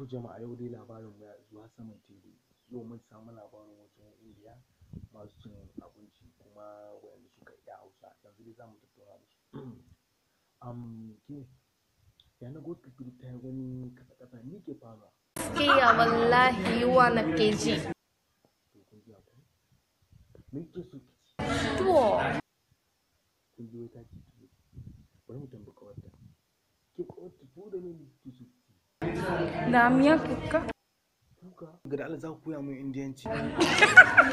To jama'a yau dai labarin mu ya zuwa saman teburi. Yau mun samu labarin wasu ƴan Indiya masu cin abinci kuma waɗanda suka iya Hausa. Yanzu dai za mu tattauna da su. Um, ke, ya na go ta wani kasa-kasa ni ke faruwa. Kiya wallahi yiwa na keji. To kun ji ku? Mun ke so ki ci. Kun ji wata ke ci. Bari mu tambayi kawarta. Ke kawarta tuwo da ne ke so da miya kuka ga da Allah za ku koya mu indiyanci